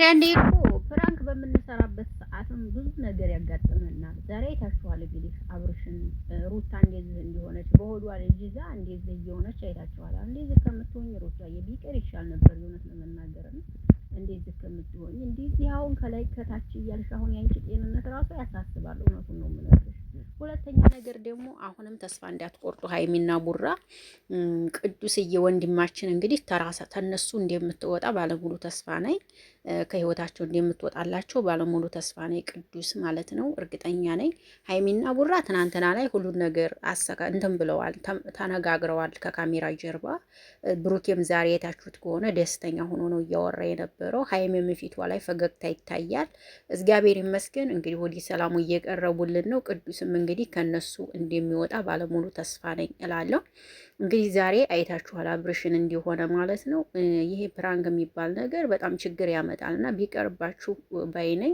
አንዳንዴ እኮ ፕራንክ በምንሰራበት ሰዓትም ብዙ ነገር ያጋጥመናል። ዛሬ አይታችኋል እንግዲህ አብርሽን ሩታ እንደዚህ እንዲሆነች በሆዷ ልጅ ይዛ እንደዚህ እየሆነች አይታችኋል። እንደዚህ ከምትሆኝ ሩታዬ ቢቀር ይሻል ነበር የእውነት ለመናገር ነው። እንደዚህ ከምትሆኝ እንደዚህ አሁን ከላይ ከታች እያልሽ አሁን ያንቺ ጤንነት ራሱ ያሳስባል። እውነቱን ነው የምነግርሽ። ሁለተኛ ነገር ደግሞ አሁንም ተስፋ እንዳትቆርጡ ሀይሚና ቡራ ቅዱስዬ ወንድማችን እንግዲህ ተራሳ ተነሱ እንደምትወጣ ባለሙሉ ተስፋ ነኝ። ከህይወታቸው እንደምትወጣላቸው ባለሙሉ ተስፋ ነኝ። ቅዱስ ማለት ነው እርግጠኛ ነኝ። ሀይሚና ቡራ ትናንትና ላይ ሁሉን ነገር አሰካ እንትን ብለዋል፣ ተነጋግረዋል ከካሜራ ጀርባ። ብሩኬም ዛሬ የታችሁት ከሆነ ደስተኛ ሆኖ ነው እያወራ የነበረው። ሀይሚም ፊቷ ላይ ፈገግታ ይታያል። እግዚአብሔር ይመስገን። እንግዲህ ወዲህ ሰላሙ እየቀረቡልን ነው። ቅዱስም እንግዲህ ከነሱ እንደሚወጣ ባለሙሉ ተስፋ ነኝ እላለሁ። እንግዲህ ዛሬ አይታችኋል አብርሽን እንዲሆነ ማለት ነው። ይሄ ፕራንክ የሚባል ነገር በጣም ችግር ያመጣል። ያመጣል እና ቢቀርባችሁ ባይነኝ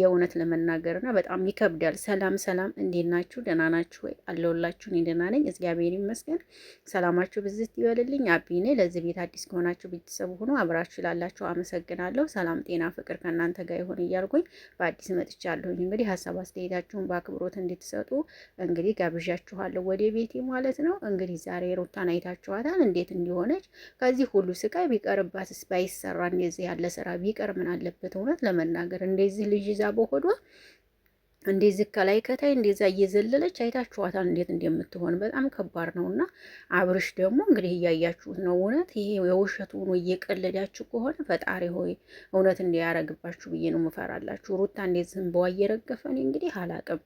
የእውነት ለመናገር እና በጣም ይከብዳል። ሰላም ሰላም፣ እንዴት ናችሁ? ደህና ናችሁ ወይ? አለሁላችሁ። እኔ ደህና ነኝ፣ እግዚአብሔር ይመስገን። ሰላማችሁ ብዝት ይበልልኝ። አቢ ነኝ። ለዚህ ቤት አዲስ ከሆናችሁ ቤተሰቡ ሆኖ አብራችሁ ላላችሁ አመሰግናለሁ። ሰላም፣ ጤና፣ ፍቅር ከእናንተ ጋር ይሆን እያልኩኝ በአዲስ መጥቻለሁኝ። እንግዲህ ሀሳብ አስተያየታችሁን በአክብሮት እንድትሰጡ እንግዲህ ጋብዣችኋለሁ ወደ ቤቴ ማለት ነው። እንግዲህ ዛሬ ሩታን አይታችኋታል እንዴት እንዲሆነች ከዚህ ሁሉ ስቃይ ቢቀርባትስ ባይሰራ እንደዚህ ያለ ስራ ቢቀር ምን አለበት? እውነት ለመናገር እንደዚህ ልጅ ይዛ በሆዷ እንደዚህ ከላይ ከታይ እንደዛ እየዘለለች አይታችኋታል፣ እንዴት እንደምትሆን በጣም ከባድ ነው። እና አብርሽ ደግሞ እንግዲህ እያያችሁት ነው። እውነት ይሄ የውሸቱ ሆኖ እየቀለዳችሁ ከሆነ ፈጣሪ ሆይ እውነት እንዲያረግባችሁ ብዬ ነው ምፈራላችሁ። ሩታ እንደዚህ እንበዋ እየረገፈ እኔ እንግዲህ አላቅም።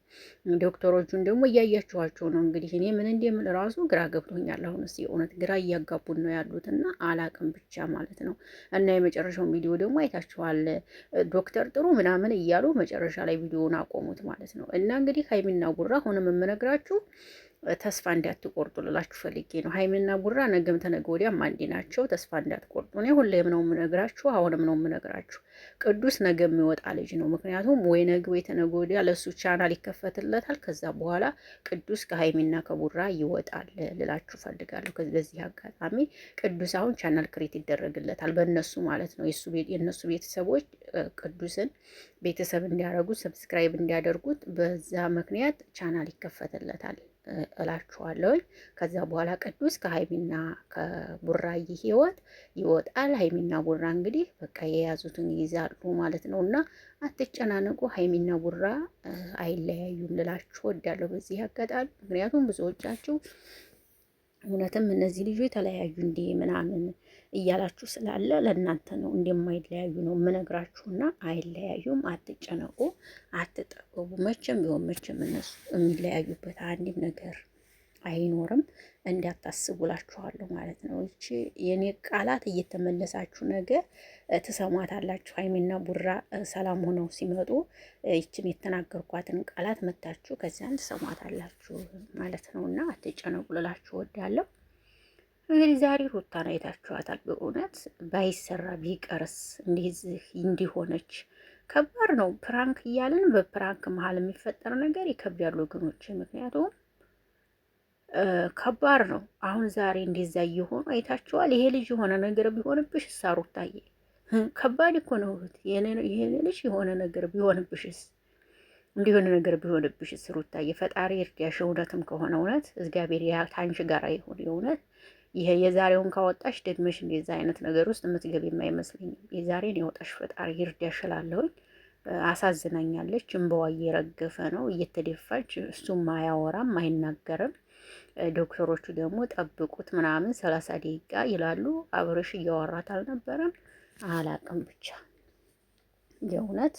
ዶክተሮቹን ደግሞ እያያችኋቸው ነው። እንግዲህ እኔ ምን እንደምል ራሱ ግራ ገብቶኛል። አሁን እስኪ እውነት ግራ እያጋቡን ነው ያሉት እና አላቅም ብቻ ማለት ነው። እና የመጨረሻውን ቪዲዮ ደግሞ አይታችኋል። ዶክተር ጥሩ ምናምን እያሉ መጨረሻ ላይ ቪዲዮውን አቆሙት። ማለት ነው። እና እንግዲህ ሀይሚና ቡራ ሆነ የምነግራችሁ ተስፋ እንዳትቆርጡ ልላችሁ ፈልጌ ነው። ሀይሚና ቡራ ነገም ተነገ ወዲያም አንዴ ናቸው። ተስፋ እንዳትቆርጡ። እኔ ሁሌም ነው የምነግራችሁ፣ አሁንም ነው የምነግራችሁ። ቅዱስ ነገ የሚወጣ ልጅ ነው። ምክንያቱም ወይ ነገ ወይ ተነገ ወዲያ ለእሱ ቻናል ይከፈትለታል። ከዛ በኋላ ቅዱስ ከሀይሚና ከቡራ ይወጣል ልላችሁ ፈልጋለሁ። በዚህ አጋጣሚ ቅዱስ አሁን ቻናል ክሬት ይደረግለታል በእነሱ ማለት ነው። የእነሱ ቤተሰቦች ቅዱስን ቤተሰብ እንዲያደርጉት ሰብስክራይብ እንዲያደርጉት በዛ ምክንያት ቻናል ይከፈትለታል። እላችኋለሁ። ከዛ በኋላ ቅዱስ ከሀይሚና ከቡራዬ ህይወት ይወጣል። ሀይሚና ቡራ እንግዲህ በቃ የያዙትን ይይዛሉ ማለት ነው እና አትጨናነቁ። ሀይሚና ቡራ አይለያዩም ልላችሁ ወዳለሁ በዚህ ያጋጣል። ምክንያቱም ብዙዎቻችሁ እውነትም እነዚህ ልጆች የተለያዩ እንዲህ ምናምን እያላችሁ ስላለ ለእናንተ ነው እንደማይለያዩ ነው የምነግራችሁና አይለያዩም። አትጨነቁ፣ አትጠበቡ። መቼም ቢሆን መቼም እነሱ የሚለያዩበት አንድም ነገር አይኖርም። እንዲያታስቡላችኋለሁ ማለት ነው። እቺ የኔ ቃላት እየተመለሳችሁ ነገ ትሰሟታላችሁ። ሀይሜና ቡራ ሰላም ሆነው ሲመጡ ይችን የተናገርኳትን ቃላት መታችሁ ከዚያን ትሰሟታላችሁ ማለት ነው እና አትጨነቁ ልላችሁ ወዳለሁ። እንግዲህ ዛሬ ሩታን አይታችኋታል። በእውነት ባይሰራ ቢቀርስ እንደዚህ እንዲሆነች ከባድ ነው። ፕራንክ እያልን በፕራንክ መሀል የሚፈጠር ነገር ይከብዳሉ ወገኖች፣ ምክንያቱም ከባድ ነው። አሁን ዛሬ እንደዛ እየሆኑ አይታችኋል። ይሄ ልጅ የሆነ ነገር ቢሆንብሽ እሳ ሩታዬ፣ ከባድ እኮ ነው እህት። ይሄ ልጅ የሆነ ነገር ቢሆንብሽስ እንዲሆነ ነገር ቢሆንብሽስ ሩታዬ፣ ፈጣሪ እርዳሽ። እውነትም ከሆነ እውነት እግዚአብሔር ታንሽ ጋር ይሁን የእውነት ይሄ የዛሬውን ካወጣሽ ደግመሽ እንደዛ አይነት ነገር ውስጥ የምትገቢም አይመስለኝም። የዛሬን ያወጣሽ ፈጣሪ ይርዳሽ እላለሁኝ። አሳዝናኛለች። እንበዋ እየረገፈ ነው እየተደፋች፣ እሱም አያወራም አይናገርም። ዶክተሮቹ ደግሞ ጠብቁት ምናምን ሰላሳ ደቂቃ ይላሉ። አብረሽ እያወራት አልነበረም። አላቅም ብቻ የእውነት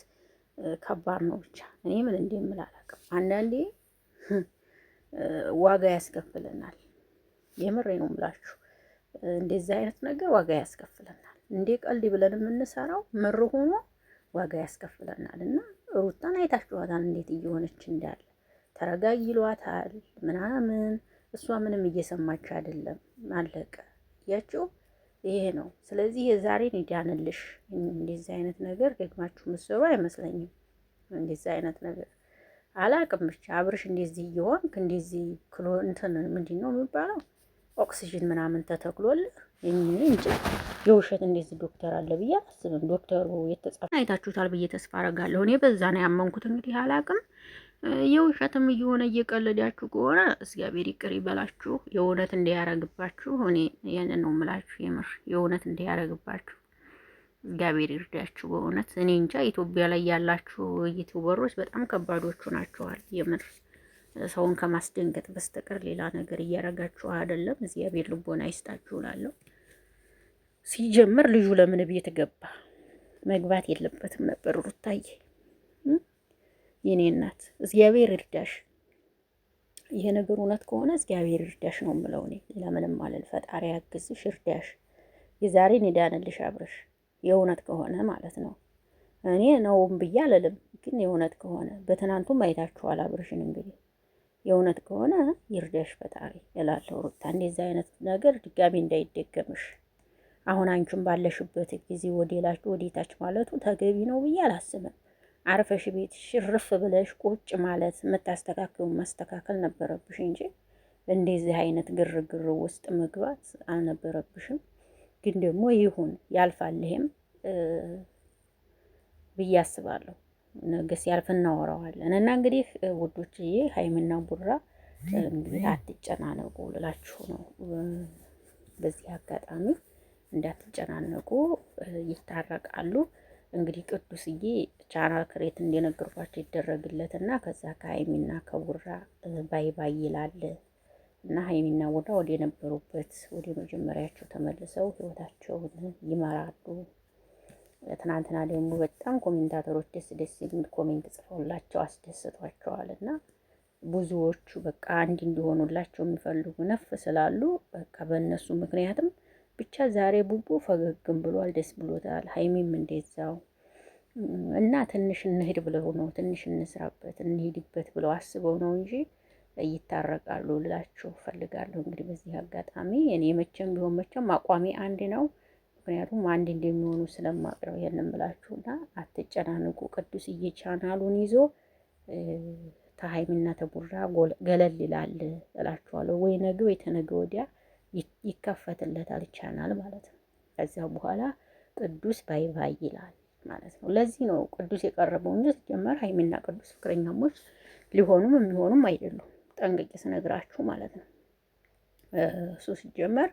ከባድ ነው። ብቻ እኔ ምን እንደምል አላቅም። አንዳንዴ ዋጋ ያስከፍልናል። የምሬ ነው ምላችሁ እንደዚህ አይነት ነገር ዋጋ ያስከፍለናል። እንዴ ቀልድ ብለን የምንሰራው ምር ሆኖ ዋጋ ያስከፍለናል። እና ሩታን አይታችኋታል እንዴት እየሆነች እንዳለ ተረጋግሏታል ይሏታል ምናምን፣ እሷ ምንም እየሰማች አይደለም። አለቀ ያቸው ይሄ ነው። ስለዚህ የዛሬን ይዳንልሽ። እንደዚህ አይነት ነገር ደግማችሁ ምስሩ አይመስለኝም። እንደዚህ አይነት ነገር አላቅም ብቻ አብርሽ እንደዚህ እየሆንክ እንደዚህ ክሎ እንትን ምንድን ነው የሚባለው ኦክሲጅን ምናምን ተተክሎልህ እንጂ የውሸት እንዴት ዶክተር አለ ብዬ አስብም። ዶክተሩ የተጻፈ አይታችሁታል ብዬ ተስፋ አረጋለሁ። እኔ በዛ ነው ያመንኩት። እንግዲህ አላቅም። የውሸትም እየሆነ እየቀለዳችሁ ከሆነ እግዚአብሔር ይቅር ይበላችሁ። የእውነት እንዲያረግባችሁ እኔ ያንን ነው ምላችሁ። የምር የእውነት እንዲያረግባችሁ እግዚአብሔር ይርዳችሁ። በእውነት እኔ እንጃ ኢትዮጵያ ላይ ያላችሁ ዩቱበሮች በጣም ከባዶቹ ናቸዋል የምር ሰውን ከማስደንገጥ በስተቀር ሌላ ነገር እያረጋችሁ አይደለም። እግዚአብሔር ልቦና ይስጣችሁ እላለሁ። ሲጀምር ልጁ ለምን ቤት ገባ? መግባት የለበትም ነበር። ሩታዬ የኔ እናት እግዚአብሔር እርዳሽ። ይሄ ነገር እውነት ከሆነ እግዚአብሔር እርዳሽ ነው የምለው እኔ። ሌላ ምንም አልል። ፈጣሪ ያግዝሽ፣ እርዳሽ። የዛሬን ይዳንልሽ አብረሽ፣ የእውነት ከሆነ ማለት ነው። እኔ ነውም ብዬ አልልም፣ ግን የእውነት ከሆነ በትናንቱም አይታችኋል አብርሽን እንግዲህ የእውነት ከሆነ ይርዳሽ ፈጣሪ እላለሁ። ሩታ እንደዚህ አይነት ነገር ድጋሚ እንዳይደገምሽ። አሁን አንቺም ባለሽበት ጊዜ ወዴላች ወዴታች ማለቱ ተገቢ ነው ብዬ አላስብም። አርፈሽ ቤትሽ ርፍ ብለሽ ቁጭ ማለት የምታስተካክሉ ማስተካከል ነበረብሽ እንጂ እንደዚህ አይነት ግርግር ውስጥ መግባት አልነበረብሽም። ግን ደግሞ ይሁን ያልፋልህም ብዬ አስባለሁ። ነገ ሲያልፍ እናወራዋለን። እና እንግዲህ ውዶችዬ ሀይምና ቡራ እንግዲህ አትጨናነቁ ልላችሁ ነው። በዚህ አጋጣሚ እንዳትጨናነቁ ይታረቃሉ። እንግዲህ ቅዱስዬ ቻናል ክሬት እንደነገርኳቸው ይደረግለትና ከዛ ከሀይሚና ከቡራ ባይ ባይ ይላል እና ሀይሚና ቡራ ወደ ነበሩበት ወደ መጀመሪያቸው ተመልሰው ህይወታቸውን ይመራሉ። ትናንትና ደግሞ በጣም ኮሜንታተሮች ደስ ደስ የሚል ኮሜንት ጽፈውላቸው አስደስቷቸዋል እና ብዙዎቹ በቃ አንድ እንዲሆኑላቸው የሚፈልጉ ነፍ ስላሉ በቃ በእነሱ ምክንያትም ብቻ ዛሬ ቡቡ ፈገግም ብሏል፣ ደስ ብሎታል። ሀይሚም እንደዛው እና ትንሽ እንሄድ ብለው ነው ትንሽ እንስራበት እንሄድበት ብለው አስበው ነው እንጂ ይታረቃሉ ልላችሁ ፈልጋለሁ። እንግዲህ በዚህ አጋጣሚ እኔ መቼም ቢሆን መቼም አቋሚ አንድ ነው። ምክንያቱም አንድ እንደሚሆኑ ስለማቅ ነው ይሄን እምላችሁና አትጨናንቁ። ቅዱስ እየቻናሉን ይዞ ተሀይሚና ተቡራ ገለል ይላል እላችኋለሁ። ወይ ነገ ወይ ተነገ ወዲያ ይከፈትለታል ቻናል ማለት ነው። ከዚያ በኋላ ቅዱስ ባይ ባይ ይላል ማለት ነው። ለዚህ ነው ቅዱስ የቀረበው እንጂ ሲጀመር ሀይሚና ቅዱስ ፍቅረኛሞች ሊሆኑም የሚሆኑም አይደሉም። ጠንቅቄ ስነግራችሁ ማለት ነው እሱ ሲጀመር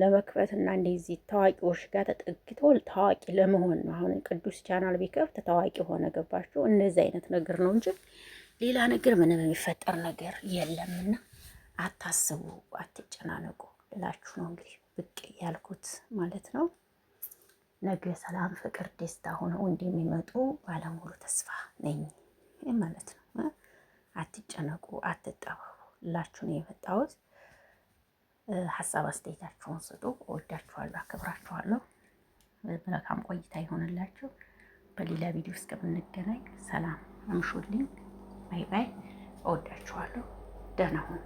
ለመክፈት እና እንደዚህ ታዋቂዎች ጋር ተጠግቶ ታዋቂ ለመሆን ነው። አሁን ቅዱስ ቻናል ቢከፍት ታዋቂ ሆነ። ገባችሁ? እንደዚህ አይነት ነገር ነው እንጂ ሌላ ነገር ምንም የሚፈጠር ነገር የለምና አታስቡ፣ አትጨናነቁ ብላችሁ ነው እንግዲህ ብቅ ያልኩት ማለት ነው። ነገ ሰላም፣ ፍቅር፣ ደስታ ሆነው እንደሚመጡ ባለሙሉ ተስፋ ነኝ ማለት ነው። አትጨነቁ፣ አትጠበቡ ልላችሁ ነው የመጣሁት። ሀሳብ አስተያየታችሁን ስጡ። እወዳችኋለሁ፣ አክብራችኋለሁ። መልካም ቆይታ ይሆንላችሁ። በሌላ ቪዲዮ እስከምንገናኝ ሰላም አምሹልኝ። ባይ ባይ። እወዳችኋለሁ። ደህና ሁኑ።